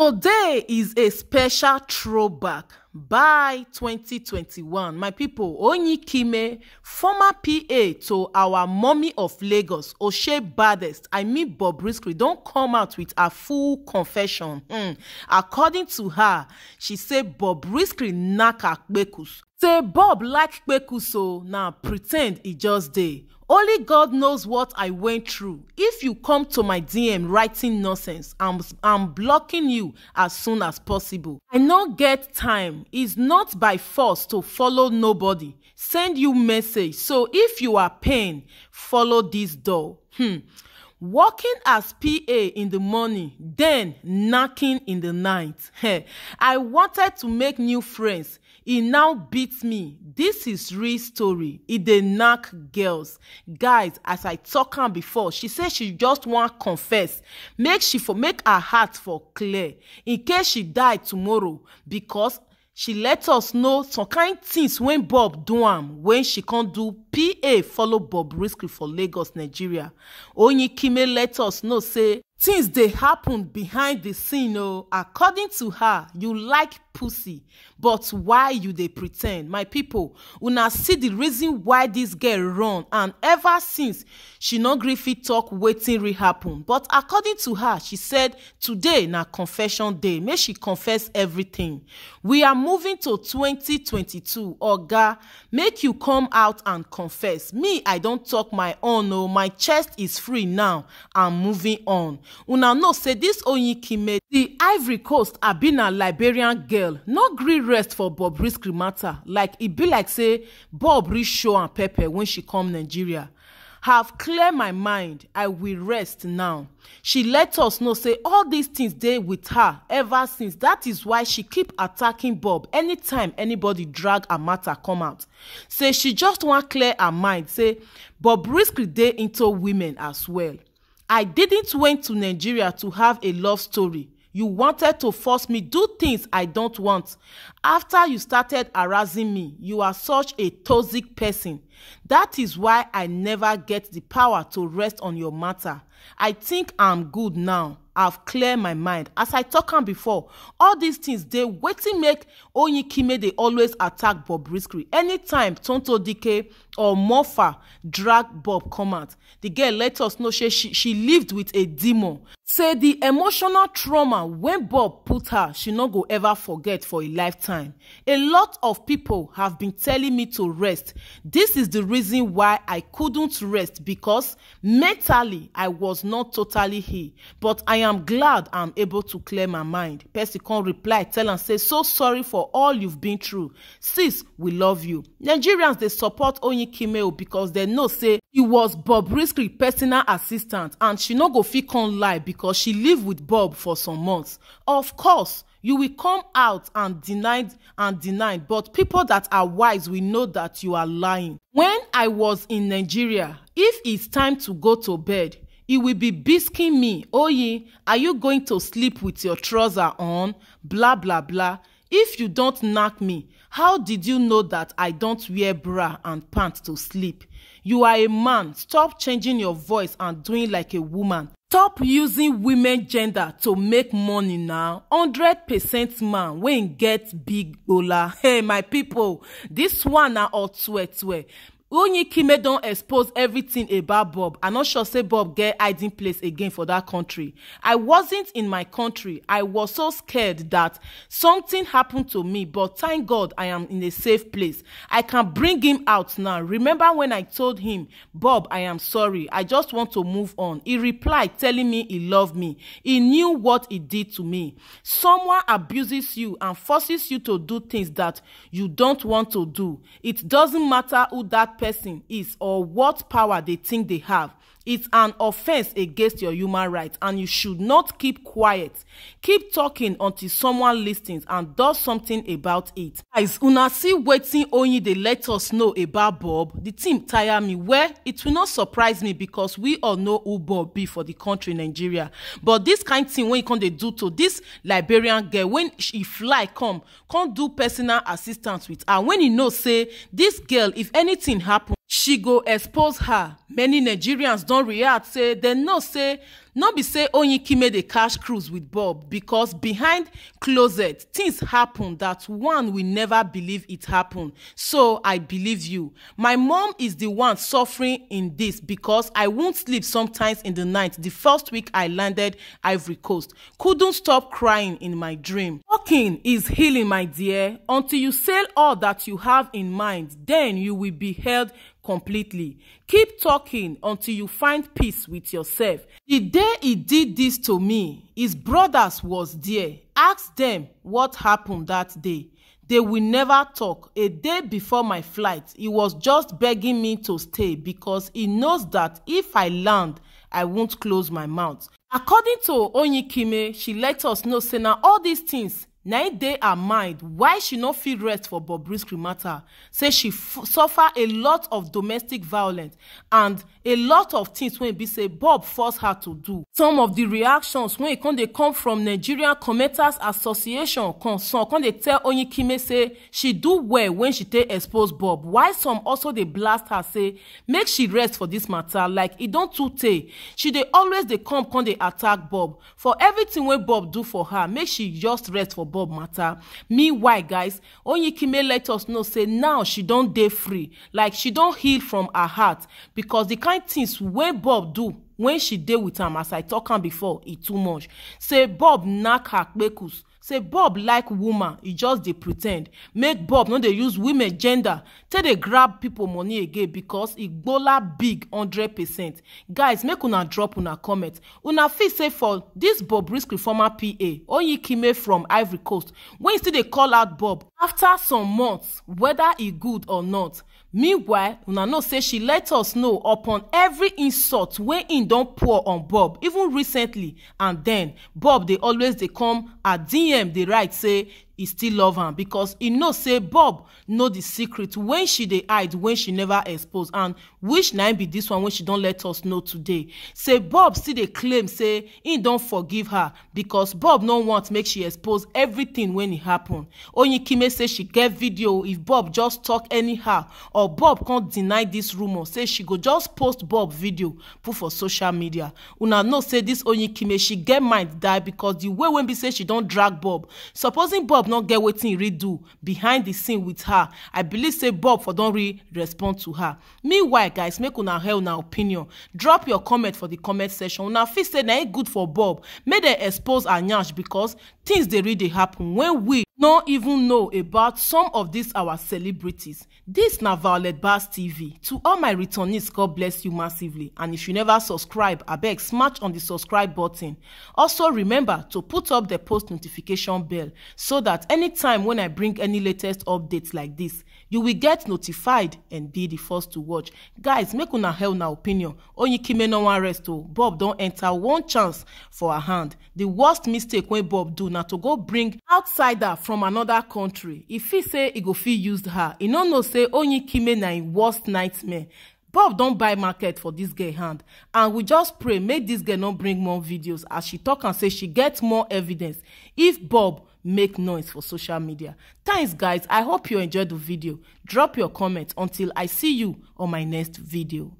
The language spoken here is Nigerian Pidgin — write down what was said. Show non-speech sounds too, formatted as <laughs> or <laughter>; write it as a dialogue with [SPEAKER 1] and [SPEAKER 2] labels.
[SPEAKER 1] Today is a special throwback by 2021. My people, Onyikime, former PA to our mommy of Lagos, Oshe Baddest, I mean Bobrisky, don't come out with a full confession. Hmm. According to her, she said Bob naka Kpekus. Say Bob like Kpekus now pretend he just dey. Only God knows what I went through. If you come to my DM writing nonsense, I'm, I'm blocking you as soon as possible. I no get time. It's not by force to follow nobody. Send you message. So if you are pain, follow this door. Hmm working as pa in the morning then knocking in the night <laughs> i wanted to make new friends He now beats me this is real story He dey knock girls guys as i talk her before she says she just want confess make she for make her heart for clear in case she die tomorrow because she let us know some kind things when bob do am when she can't do pa follow bob risky for lagos nigeria onyekime let us know say things dey happen behind the scene Oh, according to her you like pussy but why you dey pre ten d my pipo una see the reason why this girl run and ever since she no gree fit talk wetin really happen but according to her she said today na confession day make she confess everything we are moving to 2022 oga make you come out and confess confess me i don talk my own o oh, my chest is free now i'm moving on una know say dis oyinkinme di ivory coast abi na liberian girl no gree rest for bobrisky matter like e be like say bob reach show am pepper when she come nigeria have clear my mind i will rest now she let us know say all these things dey with her ever since that is why she keep attacking bob anytime anybody drag her matter come out say she just wan clear her mind say Bob Bobrisky dey into women as well i didn't went to nigeria to have a love story You wanted to force me do things I don't want. After you started harassing me, you are such a toxic person. That is why I never get the power to rest on your matter. I think I'm good now. I've cleared my mind. As I talk am before, all these things they waiting make Oyinkinme they always attack Bob Bobrisky. Anytime Tonto Dike or Morpha drag Bob come out, the girl let us know say she, she lived with a demon say di emotional trauma wey bob put her she no go ever forget for a lifetime a lot of pipo have been telling me to rest dis is di reason why i couldn't rest becos mentally i was not totally healed but i am glad i'm able to clear my mind pesin come reply tell am say so sorry for all you've been through sis we love you nigerians dey support oyinkinmeo becos dem know say he was bob risky personal assistant and she no go fit come lie because she lived with Bob for some months. Of course, you will come out and deny and deny, but people that are wise will know that you are lying. When I was in Nigeria, if it's time to go to bed, he will be bisking me, Oye, are you going to sleep with your trouser on? Blah, blah, blah. If you don't knock me, how did you know that I don't wear bra and pants to sleep? You are a man. Stop changing your voice and doing like a woman stop using women gender to make money na hundred percent man wey get big gbola hey my people, this one na otwetwe onyekime don expose everything about bob I'm not sure say bob get hiding place again for that country. i wasnt in my country. i was so scared that something happened to me but thank god i am in a safe place i can bring him out now remember when i told him bob i am sorry i just want to move on he replied telling me he loved me he knew what he did to me someone abuses you and forces you to do things that you don't want to do it doesn't matter who that person is or what power they think they have. It's an offense against your human rights, and you should not keep quiet. Keep talking until someone listens and does something about it. Guys, una see wetin Oyin dey let us know about Bob. The team tire me. Well, it will not surprise me because we all know who Bob be for the country Nigeria. But this kind of thing when e come do to this Liberian girl when she fly come, can't do personal assistance with her. When you know say this girl, if anything happen, happen she go expose her many nigerians don react say dem know say no be say onyekime dey catch cruise with bob because behind closet things happen that one we never believe it happen so i believe you my mom is the one suffering in this because i won't sleep sometimes in the night the first week i landed ivory coast couldn't stop crying in my dream walking is healing my dear until you sell all that you have in mind then you will be held completely Keep talking until you find peace with yourself. The day he did this to me, his brothers was there. Ask them what happened that day. They will never talk. A day before my flight, he was just begging me to stay because he knows that if I land, I won't close my mouth. According to Onyikime, she let us know say na all these things na e dey her mind why she no fit rest for bobrisky matter say she suffer a lot of domestic violence and a lot of things wey be say bob force her to do. some of di reactions wey come dey come from nigerian commenters association concern come dey tell onyekime say she do well when she take expose bob while some also dey blast her say make she rest for dis matter like e don too tey she dey always dey come come dey attack bob for everything wey bob do for her make she just rest for bob bob matter meanwhile guys onyekime let us know say now she don dey free like she don heal from her heart because the kind things wey bob do when she dey with am as i talk am before e too much say bob knack her kpekus say bob like woman e just dey pre ten d make bob no dey use women gender take dey grab pipo money again becos e gbola big hundred percent guys make una drop una comment una feel say for dis bobrisky former pa oyikime from ivory coast wey still dey call out bob after some months whether e good or not meanwhile una know say she let us know upon every insult wey im don pour on bob even recently and den bob dey always dey come her dm dey write say e still love am because he know say bob know the secret when she dey hide when she never expose and which na be this one wey she don let us know today say bob still dey claim say he don forgive her because bob no want make she expose everything when e happen oyinkinme say she get video if bob just talk anyhow or bob come deny this rumour say she go just post bob video put for social media una know say this oyinkinme she get mind die because the way wey be say she don drag bob supposing bob Not get wetin e really do behind the scene with her i believe say bob for don really respond to her meanwhile guys make una hear una opinion drop your comment for the comment section una feel say na e good for bob make dem expose her because things dey really dey happen when we Not even know about some of these our celebrities This na violet bass tv to all my returnees god bless you massively and if you never subscribe I beg smash on the subscribe button also remember to put up the post notification bell so that anytime when i bring any latest updates like this you will get notified and be the first to watch guys make una help na opinion onyikime no wan rest o bob don't enter one chance for her hand the worst mistake when bob do na to go bring outsider from another country If he say e go fit use her e no know say onyikime na im worst nightmare bob don't buy market for this girl hand and we just pray make this girl not bring more videos as she talk and say she get more evidence if bob make noise for social media. Thanks guys, I hope you enjoyed the video. Drop your comments until I see you on my next video.